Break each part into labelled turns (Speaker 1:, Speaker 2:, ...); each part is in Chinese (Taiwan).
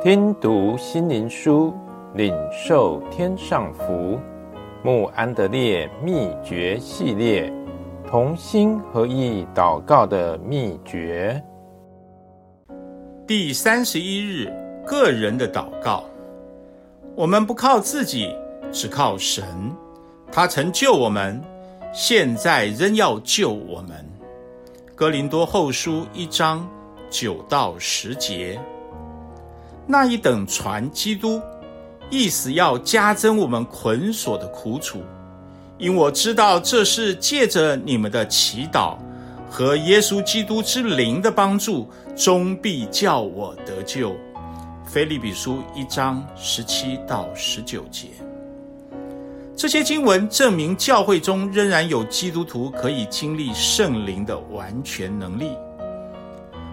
Speaker 1: 聽讀心靈書，領受天上福。穆安德烈秘訣系列：同心合意禱告的秘訣。第三十一日，個人的禱告。我們不靠自己，只靠神。他曾救我們，現在仍要救我們。哥林多後書一章九到十節。那一等傳基督，意思要加增我們捆鎖的苦楚，因我知道這是借着你們的祈禱和耶穌基督之靈的幫助，終必叫我得救。腓立比書一章十七到十九節，這些經文證明教會中仍然有基督徒可以經歷聖靈的完全能力。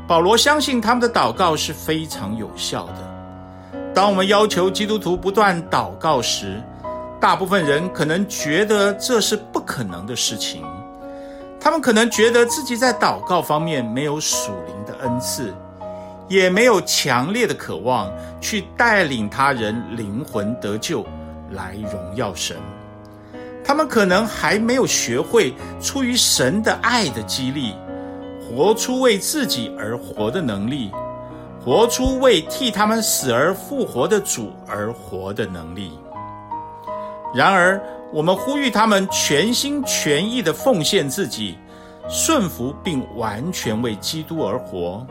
Speaker 1: 保羅相信他們的禱告是非常有效的。當我們要求基督徒不斷禱告時，大部分人可能覺得這是不可能的事情。他們可能覺得自己在禱告方面沒有屬靈的恩賜，也沒有強烈的渴望去帶領他人靈魂得救，來榮耀神。他們可能還沒有學會出於神的愛的激勵。活出為自己而活的能力，活出為替他們死而復活的主而活的能力。然而，我們呼籲他們全心全意地奉獻自己，順服並完全為基督而活。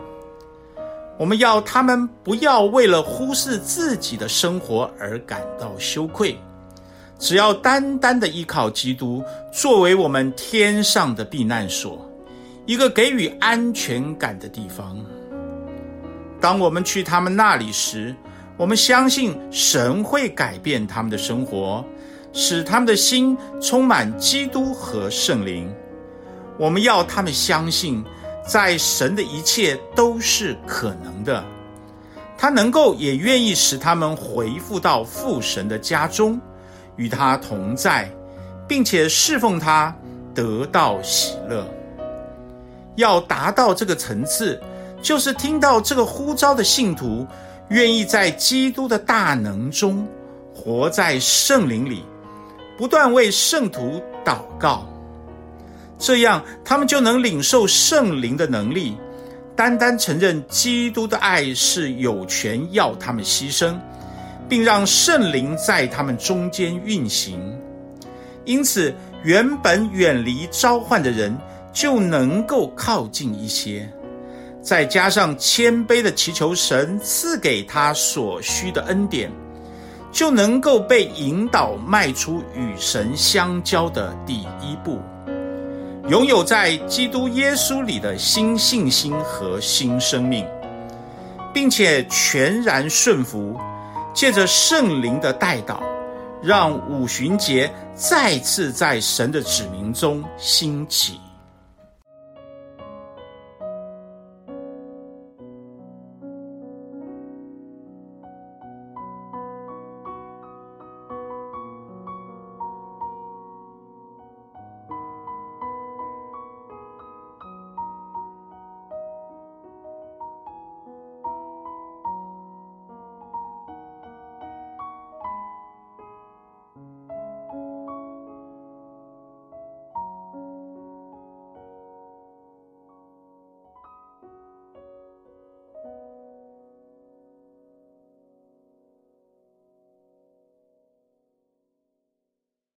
Speaker 1: 我們要他們不要為了忽視自己的生活而感到羞愧，只要單單地依靠基督作為我們天上的避難所。一個給予安全感的地方。當我們去他們那裡時，我們相信神會改變他們的生活，使他們的心充滿基督和聖靈。我們要他們相信，在神的一切都是可能的。他能夠也願意使他們回復到父神的家中，與他同在，並且侍奉他，得到喜樂。要達到這個層次，就是聽到這個呼召的信徒，願意在基督的大能中，活在聖靈裡，不斷為聖徒禱告，這樣他們就能領受聖靈的能力，單單承認基督的愛是有權要他們犧牲，並讓聖靈在他們中間運行。因此，原本遠離召喚的人。就能夠靠近一些，再加上謙卑的祈求神賜給他所需的恩典，就能夠被引導邁出與神相交的第一步，擁有在基督耶穌裡的新信心和新生命，並且全然順服，借着聖靈的代禱，讓五旬節再次在神的子民中興起。